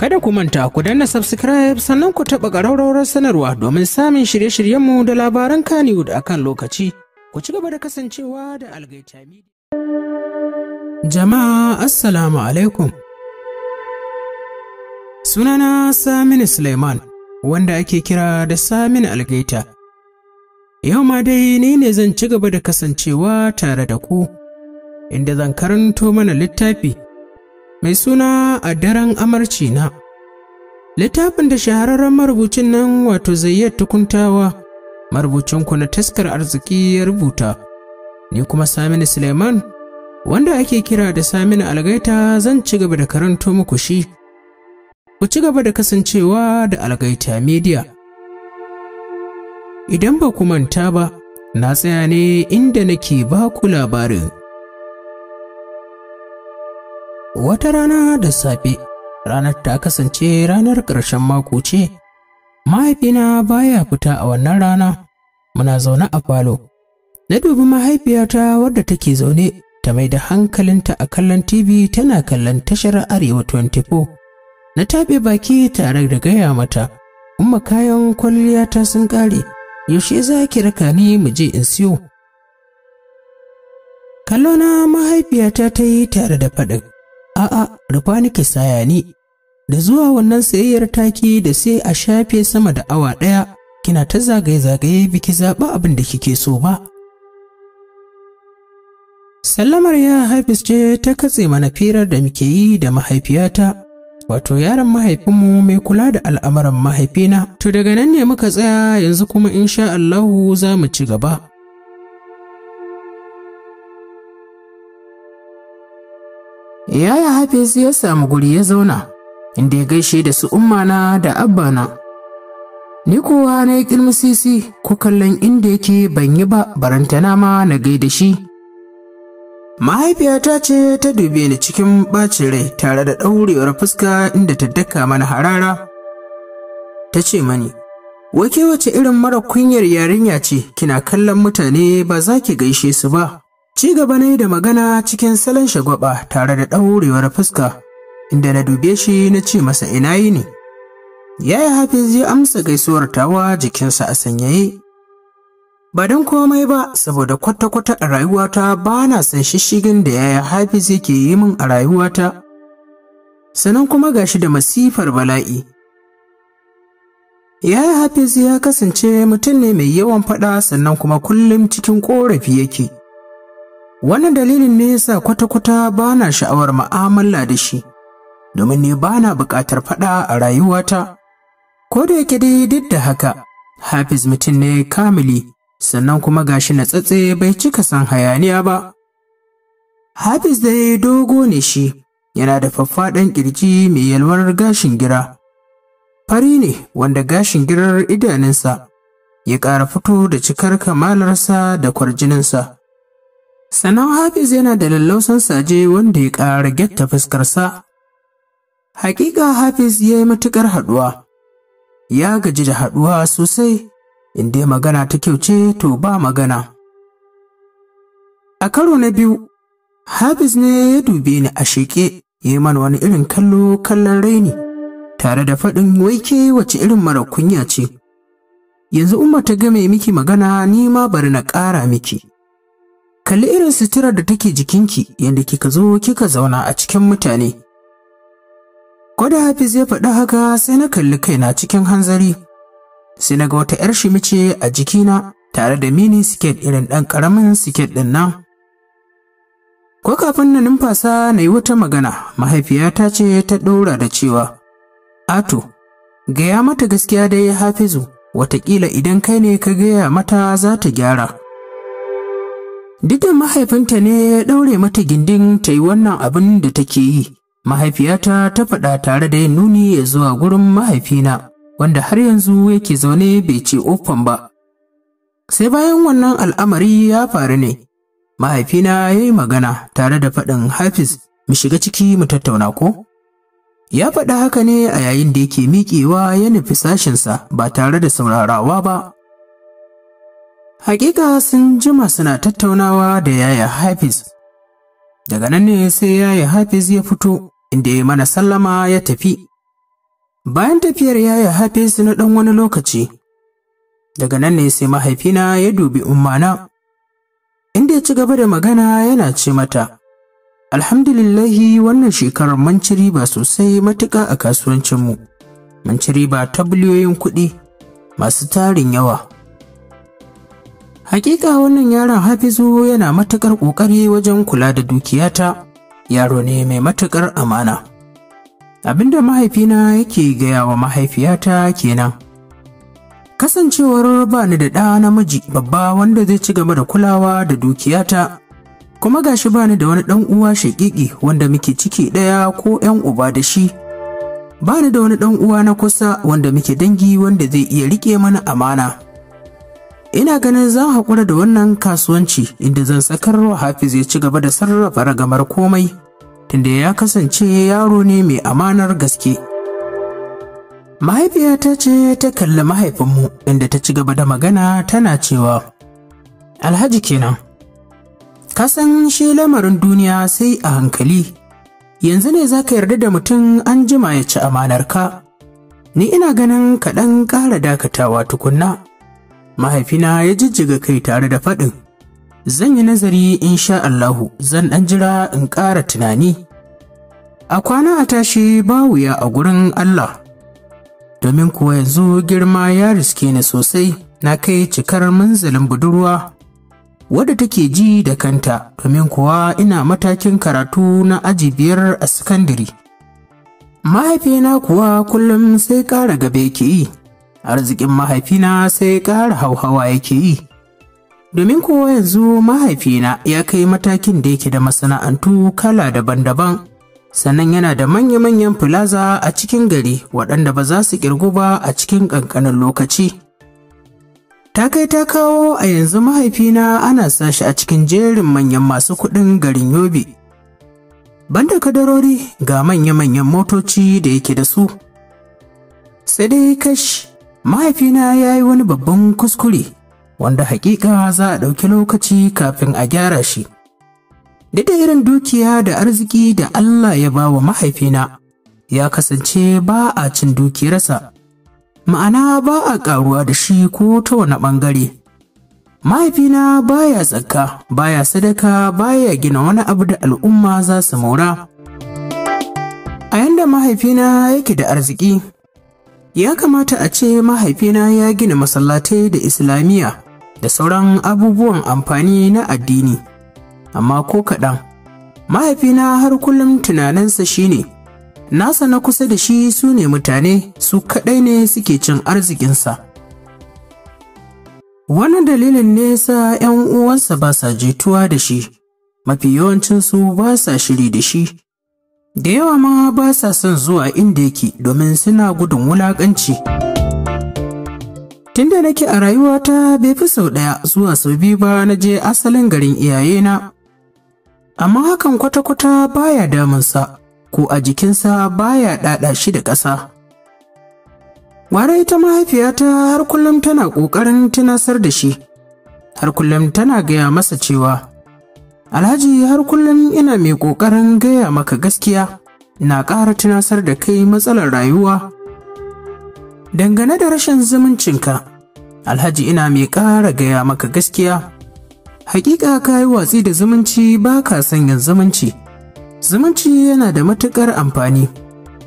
Kada ku manta ku danna subscribe sannan ku taɓa ƙararrawar sanarwa domin samun shirye-shiryenmu da labaran Kannywood a kan lokaci. Ku ci gaba da kasancewa da Algaita Jama'a Assalamu alaikum. Sunana Saminu Suleiman, wanda ake kira da Saminu Algaita. Yau ma dai ni ne zan ci gaba da kasancewa tare da ku, inda zan karanto mana littafi. mai suna a daren amarci na littafin da shahararren marubucin nan wato zayyar tukuntawa marubucin ku na taskar arziki ya rubuta ni kuma saminu suleiman wanda ake kira da saminu algaita zan ci gaba da karanto muku shi ku ci gaba da kasancewa da algaita media idan ba ku manta ba na tsaya ne inda nake ba ku labarin Wata rana da safe, ranar ta kasance ranar ƙarshen mako ce. Mahaifina baya fita a wannan rana, muna zaune a falo. Na dubi mahaifiyata wadda take zaune ta mai da hankalinta a kallon TV tana kallon tashar Arewa 24. Na taɓe baki tare da gaya mata, kuma kayan kwalliyata sun ƙare, yaushe za ki raka ni mu je in siyo?" Kallona mahaifiyata ta yi tare da faɗin, a'a rufa nake saya ni da zuwa wannan sayayyar taki da sai a shafe sama da awa ɗaya kina ta zagaye-zagaye biki zaɓa abin da kike so ba sallamar ya haifis ce ta katse mana firar da muke yi da mahaifiyata wato yaron mahaifinmu mai kula da al'amuran mahaifina to daga nan ne muka tsaya yanzu kuma insha Allahu za mu ci gaba Ya Yaya Hafiz ya samu guri ya zauna, inda ya gaishe da su ummana da abbana. Ni kowa na yi sisi, ko kallon inda yake ban yi ba barantana ma na gaida shi. Mahaifiyata ce ta dube ni cikin ɓacin rai tare da ɗaurewar fuska inda ta daka mana harara. Ta ce mani, wake wace irin mara kunyar yarinya ce kina kallon mutane ba za ki gaishe su ba. Ci gaba na da magana cikin salon shagwaba tare da ɗaurewar fuska, inda na dube shi na ce masa ina yi ne. Ya yi Hafiz ya amsa gaisuwar tawa jikinsa a sanyaye. Ba don komai ba saboda kwata-kwata a rayuwata ba na son shishigin da ya yaya Hafiz yake yi min a rayuwata. Sannan kuma ga shi da masifar bala'i. Ya Yaya Hafiz ya kasance mutum ne mai yawan faɗa sannan kuma kullum cikin ƙorafi yake. Wannan dalilin ne yasa kwata-kwata ba na sha'awar ma'amala da shi, domin ne ba na buƙatar faɗa a rayuwata. Ko da yake dai duk da haka, Hafiz mutum ne kamili, sannan kuma gashi na tsatse bai cika san hayaniya ba. Hafiz da yi dogo ne shi, yana da faffaɗan ƙirji mai yalwar gashin gira. Fari ne wanda gashin girar idanunsa ya ƙara fito da cikar kamalarsa da kwarjininsa. Sannan Hafiz yana da lallausan saje wanda ya ƙara gyatta fuskarsa. Hakika Hafiz ya yi matuƙar haɗuwa, ya gaji da haɗuwa sosai, inda magana ta kyauce to ba magana. A karo na biyu, Hafiz ne ya dube ni a sheƙe, ya yi mana wani irin kallo kallon raini, tare da faɗin waike wace irin mara kunya ce. Yanzu Umar ta game miki magana ni ma bari na ƙara miki. kalli irin suturar da take jikinki yadda kika zo kika zauna a cikin mutane da Hafiz ya faɗi haka sai na kalli kaina cikin hanzari. Sai na ga wata 'yar shi shimice a jikina tare da mini siket irin ɗan ƙaramin siket ɗin nan. Ko kafin na numfasa na yi wata magana, mahaifiyata ce ta ɗora da cewa, Ato, gaya mata gaskiya dai Hafizu, wataƙila idan kai ne ka gaya mata za ta gyara. Duk da mahaifinta ne ya ɗaure mata gindin ta yi wannan abin da take yi, mahaifiyata ta faɗa tare da yin nuni ya zuwa gurin mahaifina, wanda har yanzu yake zaune bai ce ofan ba. Sai bayan wannan al'amari ya faru ne, mahaifina ya yi magana tare da faɗin Hafiz, mu shiga ciki mu tattauna ko? Ya faɗa haka ne a yayin da yake miƙewa ya nufi sashinsa ba tare da saurarawa ba. Hakika sun jima suna tattaunawa da yaya Hafiz. Daga nan ne sai yaya Hafiz ya fito inda ya mana sallama ya tafi. Bayan tafiyar yaya Hafiz na ɗan wani lokaci, daga nan ne sai mahaifina ya dubi ummana. Inda ya ci gaba da magana yana ce mata, Alhamdulillahi wannan shekarar mun ci riba sosai matuƙa a kasuwancinmu. Mun ci riba ta biliyoyin kuɗi masu tarin yawa. Hakika wannan yaron Hafizu yana matuƙar ƙoƙari wajen kula da dukiyata, yaro ne mai matuƙar amana. Abinda mahaifina yake gaya wa mahaifiyata kenan. Kasancewar ba ni da ɗa namiji babba wanda zai ci gaba da kulawa da dukiyata, kuma gashi ba ni da wani ɗan uwa shaƙiƙi wanda muke ciki ɗaya ko ‘yan uba da shi. Ba ni da wani ɗan uwa na kusa wanda muke dangi wanda zai iya rike mana amana. ina ganin zan haƙura da wannan kasuwanci inda zan sakar wa hafiz ya ci gaba da sarrafa ragamar komai tunda ya kasance yaro ne mai amanar gaske mahaifiyata ce ta kalli mahaifinmu inda ta ci gaba da magana tana cewa alhaji kenan kasan shi lamarin duniya sai a hankali yanzu ne za ka yarda da mutum an jima ya ci amanarka ni ina ganin kaɗan ƙara dakatawa tukunna mahaifina ya jijjiga kai tare da faɗin zan yi nazari insha Allahu zan ɗan jira in ƙara tunani a kwana a tashi ba wuya a gurin Allah domin kuwa yanzu girma ya riske ni sosai na kai cikar manzalin budurwa wadda take ji da kanta domin kuwa ina matakin karatu na aji biyar a sakandare mahaifina kuwa kullum sai ƙara gabe ke yi arzikin mahaifina sai ƙara hauhawa yake yi. Domin kowa yanzu mahaifina ya kai matakin da yake da masana'antu kala daban-daban, sannan yana da manya-manyan filaza a cikin gari waɗanda ba za su ƙirgu ba a cikin ƙanƙanin lokaci. Ta kai ta kawo a yanzu mahaifina ana sa shi a cikin jerin manyan masu kuɗin garin Yobe. Banda kadarori ga manya-manyan motoci da yake da su. Sai dai kashi mahaifina ya yi wani babban kuskure wanda hakika za a ɗauki lokaci kafin a gyara shi. Dida irin dukiya da arziki da Allah ya ba wa mahaifina, ya kasance ba a cin dukiyarsa, ma'ana ba a ƙaruwa da shi ko ta wani ɓangare. Mahaifina ba baya tsakka, ya sadaka, ba ya gina wani abu da al'umma za su maura. A yanda mahaifina yake da arziki, ya kamata a ce mahaifina ya gina masallatai da islamiyya da sauran abubuwan amfani na addini amma ko kaɗan mahaifina har kullum tunaninsa shine nasa na kusa da shi su ne mutane su kaɗai ne suke cin arzikinsa wani dalilin nesa 'yan uwansa ba sa jituwa da shi mafi yawancinsu ba sa shiri da shi da yawa ma ba sa son zuwa inda yake domin suna gudun wulaƙanci tunda nake a rayuwata bai fi sau ɗaya zuwa sau biyu ba na je asalin garin iyayena amma hakan kwata-kwata baya damunsa ko a jikinsa baya ɗaɗa shi da ƙasa Gwara ita mahaifiyata har kullum tana ƙoƙarin tunasar da shi, har kullum tana gaya masa cewa Alhaji har kullum ina mai ƙoƙarin gaya maka gaskiya, na ƙara tunasar da kai matsalar rayuwa. Dangane da rashin zumuncinka, Alhaji ina mai ƙara gaya maka gaskiya. Hakika ka yi watsi da zumunci ba ka sanya zumunci. Zumunci yana da matuƙar amfani,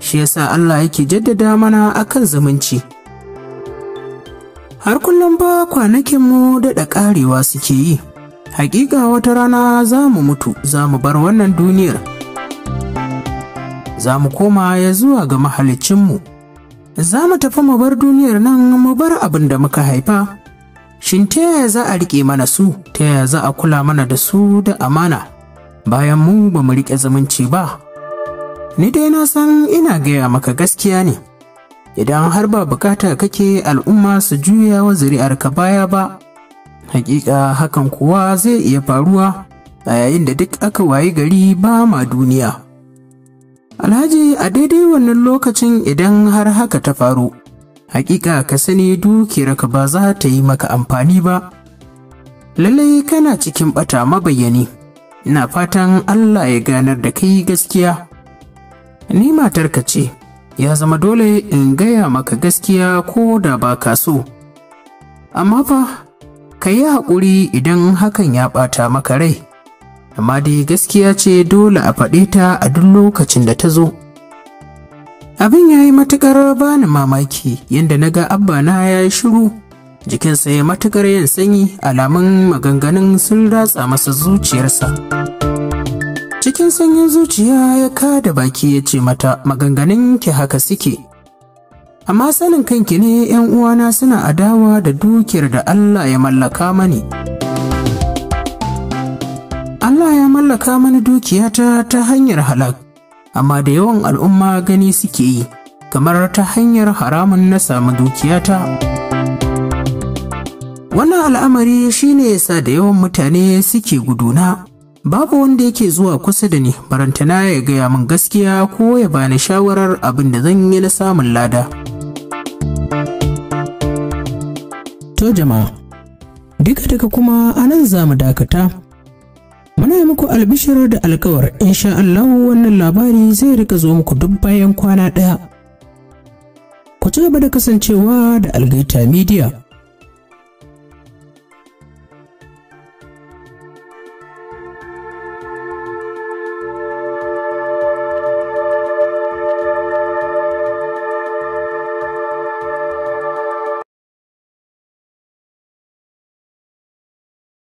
shi yasa Allah yake jaddada mana akan zumunci. Har kullum ba kwanakinmu daɗa ƙarewa suke yi. Hakika wata rana za mu mutu, za mu bar wannan duniyar. Za mu koma ya zuwa ga mahalicinmu. Za mu tafi mu bar duniyar nan mu bar abin da muka haifa. Shin ta yaya za a riƙe mana su, ta yaya za a kula mana da su da amana, bayan mu ba mu riƙe zumunci ba. Ni dai na san ina gaya maka gaskiya ne. idan har ba bukata kake al'umma su juya wa zuri'arka baya ba Hakika hakan kuwa zai iya faruwa a yayin da duk aka wayi gari ba ma duniya. Alhaji a daidai wannan lokacin idan har haka ta faru, hakika ka sani dukiyarka ba za ta yi maka amfani ba. Lallai kana cikin bata mabayani, ina fatan Allah ya ganar da kai gaskiya. Ni matarka ce, ya zama dole in gaya maka gaskiya ko da ba ka so. Amma fa ka yi haƙuri idan hakan ya ɓata maka rai amma dai gaskiya ce dole a faɗe ta a duk lokacin da ta zo abin ya yi matuƙar bani mamaki yadda na ga abba na ya yi shiru jikinsa ya matuƙar yin sanyi alamun maganganun sun ratsa masa zuciyarsa cikin sanyin zuciya ya ka da baki ya ce mata maganganun ki haka suke amma sanin kanki ne 'yan uwana suna adawa da dukiyar da Allah ya mallaka mani. Allah ya mallaka mani dukiyata ta hanyar halak, amma da yawan al'umma gani suke yi, kamar ta hanyar haramun na samu dukiyata. Wannan al'amari shi ne yasa da yawan mutane suke guduna. Babu wanda yake zuwa kusa da ni, barantana ya gaya min gaskiya ko ya bani shawarar abin da zan yi na samun lada. so jama'a duka daga kuma a nan za mu dakata muna yi muku albishir da alkawar sha Allah wannan labari zai rika zo muku duk bayan kwana ɗaya ku ci gaba da kasancewa da algaita media